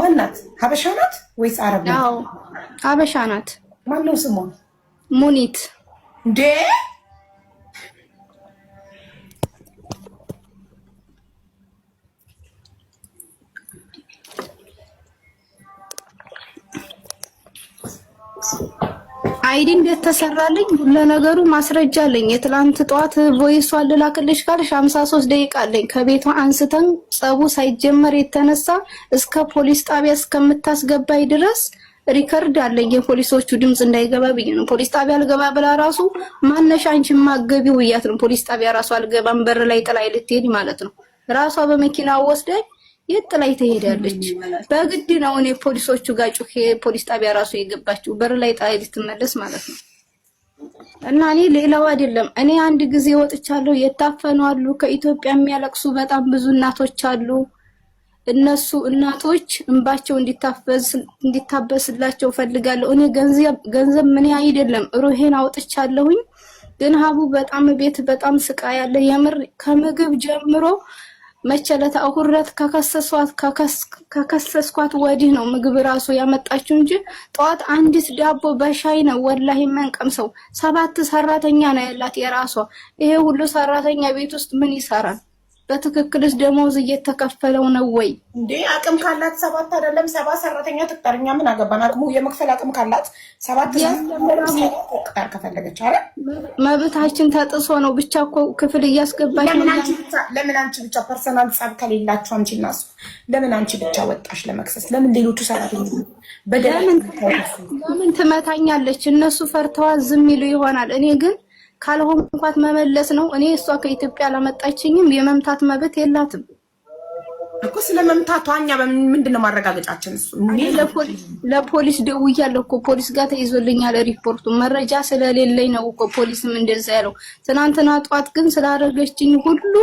ማናት? ሀበሻ ናት ወይስ አረብ ናት? ሀበሻ ናት። ማነው ስሟ? ሙኒት እንዴ አይዲ እንደተሰራልኝ ለነገሩ ማስረጃ አለኝ። የትላንት ጠዋት ቮይሱ አልላክልሽ ካልሽ 53 ደቂቃ አለኝ። ከቤቷ አንስተን ጸቡ ሳይጀመር የተነሳ እስከ ፖሊስ ጣቢያ እስከምታስገባይ ድረስ ሪከርድ አለኝ። የፖሊሶቹ ድምፅ እንዳይገባ ብዬ ነው። ፖሊስ ጣቢያ አልገባ ብላ ራሱ ማነሽ አንቺ ማገቢው እያት ነው። ፖሊስ ጣቢያ ራሱ አልገባም በር ላይ ጥላይ ልትሄድ ማለት ነው። ራሷ በመኪና ወስደኝ የት ጥላይ ትሄዳለች? በግድ ነው እኔ ፖሊሶቹ ጋር ጩሄ ፖሊስ ጣቢያ ራሱ የገባችው በር ላይ ጣይ ልትመለስ ማለት ነው። እና እኔ ሌላው አይደለም እኔ አንድ ጊዜ ወጥቻለሁ። የታፈኑ አሉ፣ ከኢትዮጵያ የሚያለቅሱ በጣም ብዙ እናቶች አሉ። እነሱ እናቶች እንባቸው እንዲታበስላቸው ፈልጋለሁ። እኔ ገንዘብ ምን አይደለም ሩሄን አውጥቻለሁኝ። ግን ሀቡ በጣም ቤት በጣም ስቃይ ያለ የምር ከምግብ ጀምሮ መቸለት ሁረት ከከሰሷት ከከሰስኳት ወዲህ ነው ምግብ ራሱ ያመጣችው እንጂ ጠዋት አንዲት ዳቦ በሻይ ነው ወላሂ መንቀም ሰው ሰባት ሰራተኛ ነው ያላት የራሷ። ይሄ ሁሉ ሰራተኛ ቤት ውስጥ ምን ይሰራል? በትክክልስ ደሞዝ እየተከፈለው ነው ወይ እንዴ? አቅም ካላት ሰባት አይደለም ሰባት ሰራተኛ ትቅጠር። እኛ ምን አገባን? አቅሙ የመክፈል አቅም ካላት ሰባት ቅጠር ከፈለገች አለ መብታችን ተጥሶ ነው ብቻ እኮ ክፍል እያስገባች ለምን አንቺ ብቻ ፐርሰናል ጻብ ከሌላችሁ አንቺ እና እሱ ለምን አንቺ ብቻ ወጣሽ ለመክሰስ? ለምን ሌሎቹ ሰራተኛ በደለምን ለምን ትመታኛለች? እነሱ ፈርተዋ ዝም ይሉ ይሆናል። እኔ ግን እንኳት መመለስ ነው። እኔ እሷ ከኢትዮጵያ አላመጣችኝም። የመምታት መብት የላትም እኮ ስለ መምታቷ እኛ ምንድን ነው ማረጋገጫችን? ለፖሊስ ደውያለሁ እኮ ፖሊስ ጋር ተይዞልኛል ሪፖርቱ። መረጃ ስለሌለኝ ነው እኮ ፖሊስም እንደዛ ያለው። ትናንትና ጠዋት ግን ስላደረገችኝ ሁሉ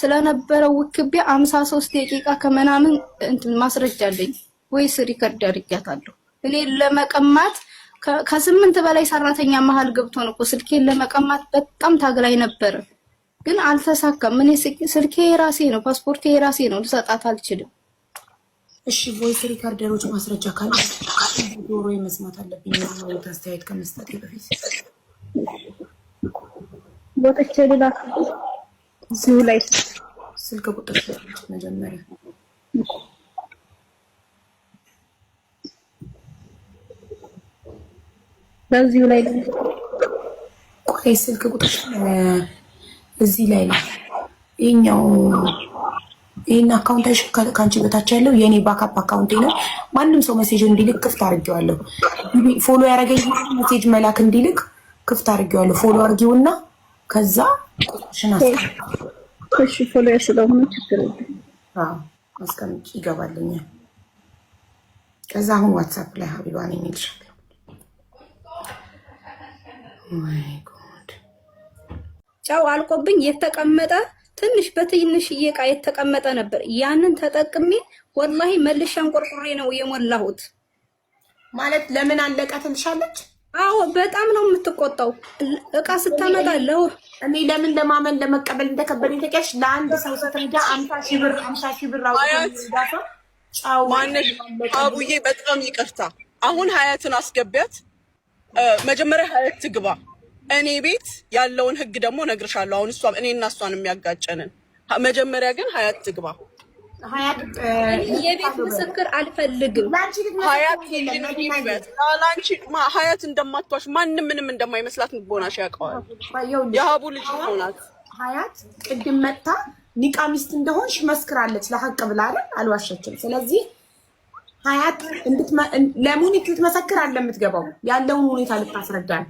ስለነበረው ውክቢያ አምሳ ሶስት ደቂቃ ከምናምን ማስረጃ አለኝ ወይስ ሪከርድ አድርጊያታለሁ እኔ ለመቀማት ከስምንት በላይ ሰራተኛ መሀል ገብቶ ነው እኮ ስልኬን ለመቀማት በጣም ታግላይ ነበር፣ ግን አልተሳካም። እኔ ስልኬ የራሴ ነው፣ ፓስፖርቴ የራሴ ነው፣ ልሰጣት አልችልም። እሺ ቮይስ ሪካርደሮች ማስረጃ ካለ ዶሮ መስማት አለብኝ። አስተያየት ከመስጠት በፊት ወጥቼ ሌላ እዚሁ ላይ ስልክ ቁጥር መጀመሪያ በዚሁ ላይ ቆይ ስልክ ቁጥር እዚህ ላይ ነው። ይህኛው ይህን አካውንት አይሽ ከአንቺ በታች ያለው የእኔ ባካፕ አካውንቴ ነው። ማንም ሰው መሴጅ እንዲልክ ክፍት አድርጌዋለሁ። ፎሎ ያደረገኝ መሴጅ መላክ እንዲልክ ክፍት አድርጌዋለሁ። ፎሎ አድርጊውና ከዛ ቁጥርሽን አስቀሽ ፎሎ ያስለሆነ ችግር አስቀምጭ ይገባልኛል። ከዛ አሁን ዋትሳፕ ላይ ሀቢባን የሚልሻል ወይ ጨው አልቆብኝ የተቀመጠ ትንሽ በትንሽ እቃ የተቀመጠ ነበር። ያንን ተጠቅሜ ወላሂ መልሼ ቆርቆሬ ነው የሞላሁት። ማለት ለምን አለቀ ትንሻለች? አዎ በጣም ነው የምትቆጣው። እቃ ስታመጣ ለው እኔ ለምን ለማመን ለመቀበል እንደከበደኝ ተቀሽ ለአንድ ሰው ስትረዳ አምሳ ሺህ ብር አምሳ ሺህ ብር አውጥቶ ጫው ማነሽ አቡዬ፣ በጣም ይቅርታ። አሁን ሀያትን አስገቢያት መጀመሪያ ሀያት ግባ። እኔ ቤት ያለውን ህግ ደግሞ እነግርሻለሁ። አሁን እሷ እኔ እና እሷን የሚያጋጨንን መጀመሪያ ግን ሀያት ትግባ። የቤት ምስክር አልፈልግም። ሀያት እንደማትዋሽ ማንም ምንም እንደማይመስላት ንቦናሽ ያውቀዋል። የሀቡ ልጅ ሆናት ሀያት ቅድም መጥታ ኒቃ ሚስት እንደሆንሽ መስክራለች። ለሀቅ ብላ አይደል? አልዋሸችም። ስለዚህ ሀያት ለሙኒክ ልትመሰክር አለ የምትገባው ያለውን ሁኔታ ልታስረዳል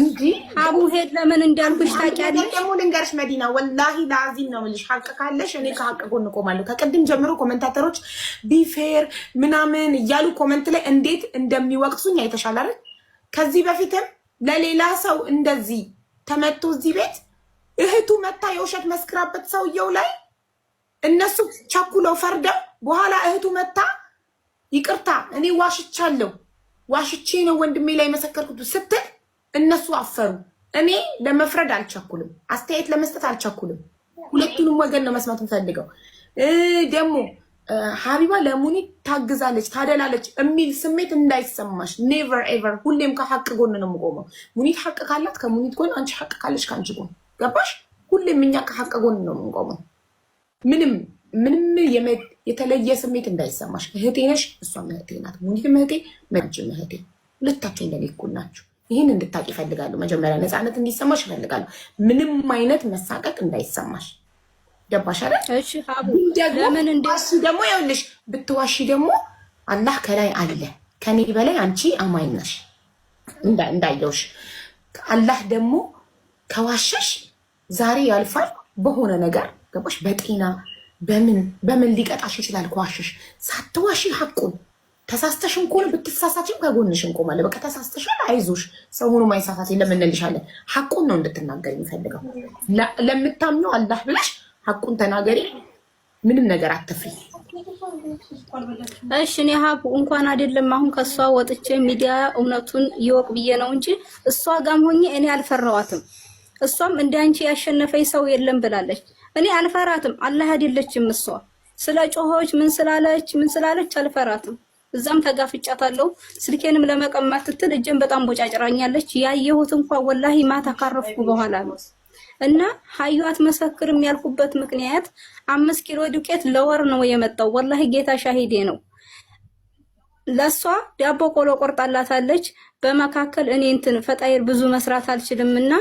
እንጂ አቡ ሄድ ለምን እንዳልኩሽ ታውቂያለሽ። ደግሞ ልንገርሽ መዲና ወላሂ ለአዚም ነው የምልሽ። ሀቅ ካለሽ እኔ ከሀቅ ጎን እቆማለሁ። ከቅድም ጀምሮ ኮመንታተሮች ቢፌር ምናምን እያሉ ኮመንት ላይ እንዴት እንደሚወቅሱኝ አይተሻል አይደል? ከዚህ በፊትም ለሌላ ሰው እንደዚህ ተመቶ እዚህ ቤት እህቱ መታ የውሸት መስክራበት ሰውየው ላይ እነሱ ቸኩለው ፈርደው በኋላ እህቱ መታ ይቅርታ እኔ ዋሽቻለሁ ዋሽቼ ነው ወንድሜ ላይ መሰከርኩት ስትል እነሱ አፈሩ። እኔ ለመፍረድ አልቸኩልም፣ አስተያየት ለመስጠት አልቸኩልም። ሁለቱንም ወገን ነው መስማት የምፈልገው። ደግሞ ሀቢባ ለሙኒ ታግዛለች፣ ታደላለች የሚል ስሜት እንዳይሰማሽ። ኔቨር ኤቨር፣ ሁሌም ከሀቅ ጎን ነው የምቆመው። ሙኒት ሀቅ ካላት ከሙኒት ጎን፣ አንቺ ሀቅ ካለች ከአንቺ ጎን። ገባሽ? ሁሌም እኛ ከሀቅ ጎን ነው የምንቆመው ምንም ምንም የተለየ ስሜት እንዳይሰማሽ። እህቴ ነሽ፣ እሷም እህቴ ናት። ሙኒትም እህቴ፣ መርጅም እህቴ። ሁለታችሁ እንደኔ እኩል ናችሁ። ይህን እንድታቂ ይፈልጋሉ። መጀመሪያ ነፃነት እንዲሰማሽ ይፈልጋሉ። ምንም አይነት መሳቀቅ እንዳይሰማሽ። ገባሽ አይደል? ደግሞ ይኸውልሽ፣ ብትዋሺ ደግሞ አላህ ከላይ አለ። ከኔ በላይ አንቺ አማኝ ነሽ እንዳየውሽ። አላህ ደግሞ ከዋሸሽ ዛሬ ያልፋል በሆነ ነገር ገባሽ? በጤና በምን በምን ሊቀጣሽ ይችላል? ከዋሽሽ ሳትዋሽ ሀቁ ተሳስተሽ እንኮን ብትሳሳችም ከጎንሽ እንቆማለን። በቃ ተሳስተሻል፣ አይዞሽ፣ ሰው ሆኖ ማይሳሳት የለም እንልሻለን። ነው እንድትናገር የሚፈልገው። ለምታምነው አላህ ብለሽ ሀቁን ተናገሪ። ምንም ነገር አትፍሪ። እሺ እኔ ሀቡ እንኳን አይደለም አሁን ከእሷ ወጥቼ ሚዲያ እውነቱን ይወቅ ብዬ ነው እንጂ እሷ ጋም ሆኜ እኔ አልፈራዋትም። እሷም እንደ አንቺ ያሸነፈኝ ሰው የለም ብላለች። እኔ አልፈራትም። አላህ አይደለችም እሷ ስለ ጮሆች ምን ስላለች ምን ስላለች አልፈራትም። እዛም ተጋፍጫታለሁ። ስልኬንም ለመቀማት ትትል እጄን በጣም ቦጫጭራኛለች። ያየሁት እንኳን ወላሂ ማታ ካረፍኩ በኋላ ነው። እና ሀዩ አትመሰክርም ያልኩበት ምክንያት አምስት ኪሎ ዱቄት ለወር ነው የመጣው። ወላሂ ጌታ ሻሂዴ ነው። ለሷ ዳቦ ቆሎ ቆርጣላታለች። በመካከል እኔ እንትን ፈጣይር ብዙ መስራት አልችልምና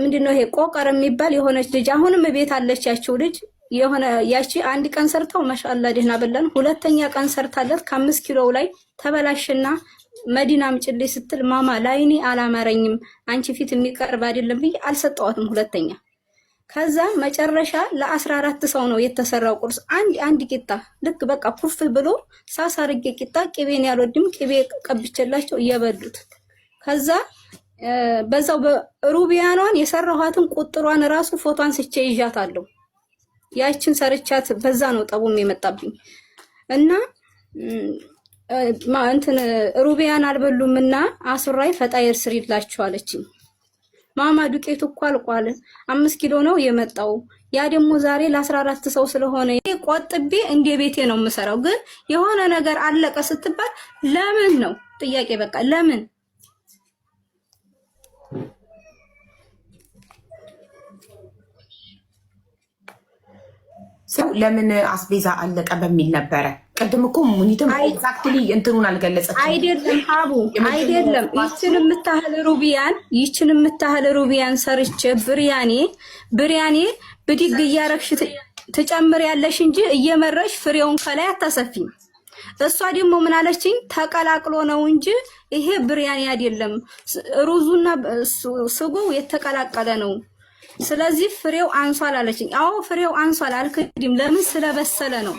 ምንድነው ይሄ ቆቀር የሚባል የሆነች ልጅ አሁንም ቤት አለች። ያችው ልጅ የሆነ ያቺ አንድ ቀን ሰርተው መሻላ ደህና በላን። ሁለተኛ ቀን ሰርታለት ከአምስት ኪሎው ላይ ተበላሽና መዲናም ጭሌ ስትል ማማ ላይኒ አላማረኝም አንቺ ፊት የሚቀርብ አይደለም ብዬ አልሰጠዋትም። ሁለተኛ ከዛ መጨረሻ ለአስራ አራት ሰው ነው የተሰራው ቁርስ አንድ አንድ ቂጣ ልክ በቃ ፑፍ ብሎ ሳሳርጌ ቂጣ ቅቤን ያልወድም ቅቤ ቀብቼላቸው እየበሉት ከዛ በዛው በሩቢያኗን የሰራኋትን ቁጥሯን ራሱ ፎቷን ስቼ ይዣታለሁ። ያችን ሰርቻት በዛ ነው ጠቡም የመጣብኝ እና እንትን ሩቢያን አልበሉምና አሱራይ ፈጣየር ስሪላችሁ አለችኝ። ማማ ዱቄቱ እኮ አልቋል፣ አምስት ኪሎ ነው የመጣው። ያ ደግሞ ዛሬ ለአስራ አራት ሰው ስለሆነ ቆጥቤ እንደ ቤቴ ነው የምሰራው። ግን የሆነ ነገር አለቀ ስትባል ለምን ነው ጥያቄ? በቃ ለምን ሰው ለምን አስቤዛ አለቀ በሚል ነበረ። ቅድም እኮ ሙኒትም ኤግዛክትሊ እንትኑን አልገለጸችም። አይደለም ሀቡ አይደለም። ይችን የምታህል ሩቢያን ይችን የምታህል ሩቢያን ሰርቼ ብርያኔ ብርያኔ ብድግ እያረግሽ ትጨምሪያለሽ እንጂ እየመረሽ ፍሬውን ከላይ አታሰፊም። እሷ ደግሞ ምን አለችኝ? ተቀላቅሎ ነው እንጂ ይሄ ብርያኔ አይደለም፣ ሩዙና ስጎው የተቀላቀለ ነው ስለዚህ ፍሬው አንሷል አለችኝ። አዎ ፍሬው አንሷል አልክድም። ለምን ስለበሰለ ነው።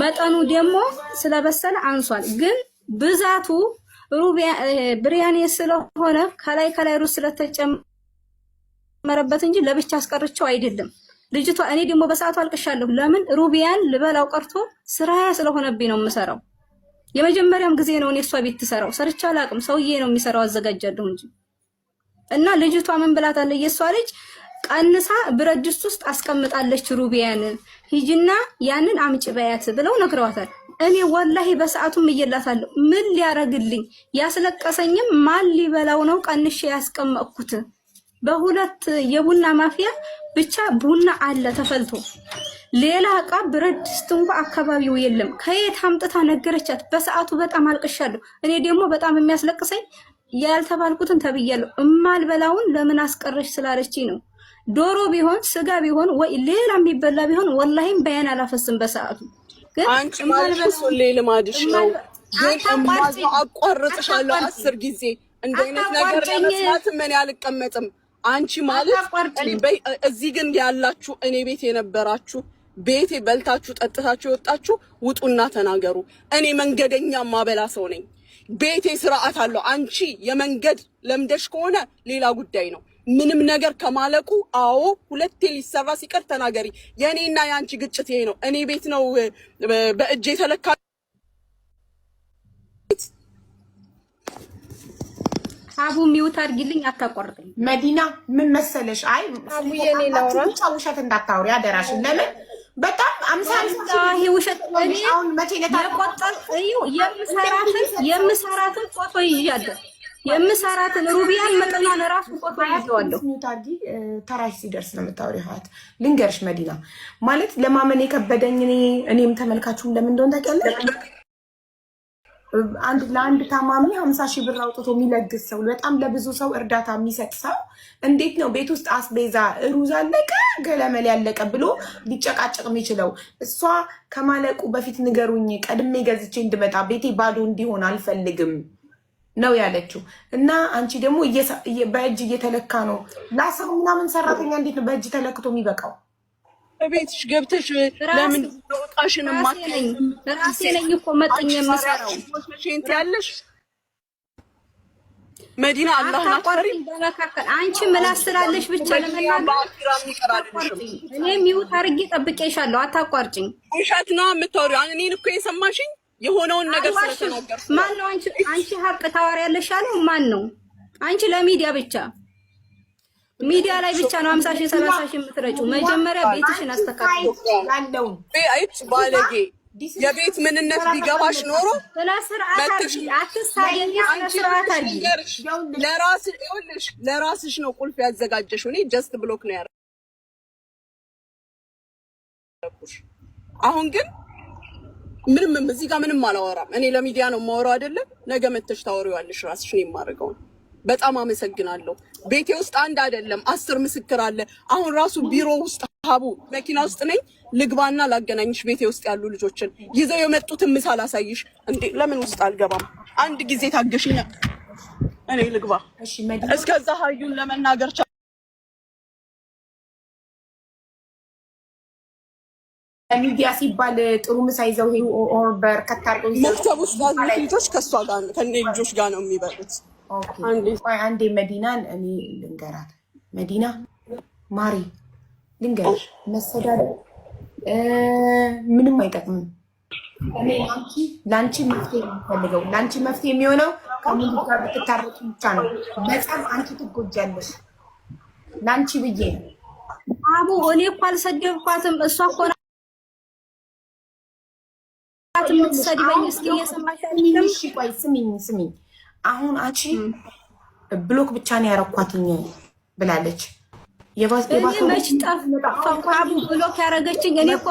መጠኑ ደግሞ ስለበሰለ አንሷል። ግን ብዛቱ ብሪያኔ ስለሆነ ከላይ ከላይ ሩዝ ስለተጨመረበት እንጂ ለብቻ አስቀርቸው አይደለም። ልጅቷ እኔ ደግሞ በሰዓቱ አልቅሻለሁ። ለምን ሩቢያን ልበላው ቀርቶ ስራያ ስለሆነብኝ ነው የምሰራው። የመጀመሪያም ጊዜ ነው እኔ እሷ ቤት ትሰራው ሰርቻ አላቅም። ሰውዬ ነው የሚሰራው አዘጋጃለሁ እንጂ እና ልጅቷ ምን ብላታለች የእሷ ልጅ ቀንሳ ብረት ድስት ውስጥ አስቀምጣለች ሩቢያን ሂጂና ያንን አምጪ በያት ብለው ነግረዋታል። እኔ ወላሂ በሰዓቱም እየላታለሁ። ምን ሊያረግልኝ ያስለቀሰኝም ማን ሊበላው ነው ቀንሼ ያስቀመጥኩት? በሁለት የቡና ማፍያ ብቻ ቡና አለ ተፈልቶ፣ ሌላ እቃ ብረት ድስት እንኳ አካባቢው የለም። ከየት አምጥታ ነገረቻት። በሰዓቱ በጣም አልቅሻለሁ። እኔ ደግሞ በጣም የሚያስለቅሰኝ ያልተባልኩትን ተብያለሁ። እማልበላውን ለምን አስቀረሽ ስላለች ነው። ዶሮ ቢሆን ስጋ ቢሆን ወይ ሌላ የሚበላ ቢሆን ወላሂም በያን አላፈስም። በሰዓቱ ግን አንቺ ማልበስ ሁሌ ልማድሽ ነው። ግን እማዝ አቋርጥሻለሁ አስር ጊዜ እንደ አይነት ነገር ለመስማት ምን አልቀመጥም። አንቺ ማለት እዚህ ግን ያላችሁ እኔ ቤት የነበራችሁ ቤቴ በልታችሁ ጠጥታችሁ የወጣችሁ ውጡና ተናገሩ። እኔ መንገደኛ ማበላ ሰው ነኝ። ቤቴ ስርዓት አለው። አንቺ የመንገድ ለምደሽ ከሆነ ሌላ ጉዳይ ነው። ምንም ነገር ከማለቁ አዎ ሁለቴ ሊሰራ ሲቀር ተናገሪ። የእኔና የአንቺ ግጭት ይሄ ነው። እኔ ቤት ነው በእጅ የተለካ አቡ ሚውት አድርጊልኝ፣ አታቋርጥኝ። መዲና ምን መሰለሽ፣ አይ ብቻ ውሸት እንዳታወሪ አደራሽን። ለምን በጣም አምሳሌ ውሸት የምሰራትን የምሰራትን ፎቶ ይዣለሁ የምሰራትን ሩቢያን መጠኗን ራሱ ቆቶ ይዘዋለሁ። ተራሽ ሲደርስ ነው የምታወሪው። ሀያት ልንገርሽ መዲና ማለት ለማመን የከበደኝ እኔም ተመልካችሁም ለምን እንደሆነ ታውቂያለሽ? አንድ ለአንድ ታማሚ ሀምሳ ሺህ ብር አውጥቶ የሚለግስ ሰው በጣም ለብዙ ሰው እርዳታ የሚሰጥ ሰው እንዴት ነው ቤት ውስጥ አስቤዛ ሩዝ አለቀ ገለመል ያለቀ ብሎ ሊጨቃጨቅ የሚችለው? እሷ ከማለቁ በፊት ንገሩኝ፣ ቀድሜ ገዝቼ እንድመጣ ቤቴ ባዶ እንዲሆን አልፈልግም ነው ያለችው። እና አንቺ ደግሞ በእጅ እየተለካ ነው ለሰው ምናምን ሰራተኛ እንዴት ነው በእጅ ተለክቶ የሚበቃው? ቤትሽ ገብተሽ ለምን ወጣሽን? ማትለኝ ራሴ ነኝ እኮ መጠኝ የምሰራው ያለሽ መዲና አላህ ናቋሪ አንቺ ምን አስራለሽ? ብቻ ለመናእኔም ይሁት አርጌ ጠብቄሻለሁ። አታቋርጭኝ። ውሸት ነው የምታወሪው። እኔን እኮ የሰማሽኝ የሆነውን ነገር ስለተናገርኩ ማን ነው? አንቺ አንቺ ሀቅ ታወሪያለሽ አለው። ማን ነው? አንቺ ለሚዲያ ብቻ ሚዲያ ላይ ብቻ ነው 50 ሺህ 30 ሺህ የምትረጩ መጀመሪያ ቤትሽን አስተካክሎ አይች ባለጌ የቤት ምንነት ቢገባሽ ኖሮ ለራስሽ ነው ቁልፍ ያዘጋጀሽ እኔ ጀስት ብሎክ ነው ያደረኩሽ። አሁን ግን ምንም እዚህ ጋር ምንም አላወራም። እኔ ለሚዲያ ነው የማወራው አይደለም። ነገ መተሽ ታወሪዋለሽ ራስሽ ነው የማደርገው። በጣም አመሰግናለሁ። ቤቴ ውስጥ አንድ አይደለም አስር ምስክር አለ። አሁን ራሱ ቢሮ ውስጥ ሀቡ መኪና ውስጥ ነኝ። ልግባና ላገናኝሽ። ቤቴ ውስጥ ያሉ ልጆችን ይዘው የመጡትን ምሳ ላሳይሽ። እንዴ ለምን ውስጥ አልገባም? አንድ ጊዜ ታገሽኛ። እኔ ልግባ። እስከዛ ሀዩን ለመናገር ሚዲያ ሲባል ጥሩ ምሳ ይዘው ሄዱ። ኦር በርከት አርገው መክተብ ውስጥ ያሉ ልጆች ከእሷ ጋር ከእኔ ልጆች ጋር ነው የሚበሉት። አንዴ መዲናን እኔ ልንገራት። መዲና ማሪ ልንገር፣ መሰዳደር ምንም አይጠቅምም። እኔ አንቺ ለአንቺ መፍትሄ የሚፈልገው ለአንቺ መፍትሄ የሚሆነው ከሙሉ ጋር ብትታረቂ ብቻ ነው። በጣም አንቺ ትጎጃለሽ። ለአንቺ ብዬ ነው አቡ። እኔ እኮ አልሰደብኳትም እሷ እኮ የምትሰድበኝ እስኪ እየሰማሽ ቆይ፣ ስሚኝ ስሚኝ። አሁን አቺ ብሎክ ብቻ ነው ያረኳትኝ ብላለች። የባስ ብሎክ ያረገችኝ እኔ እኮ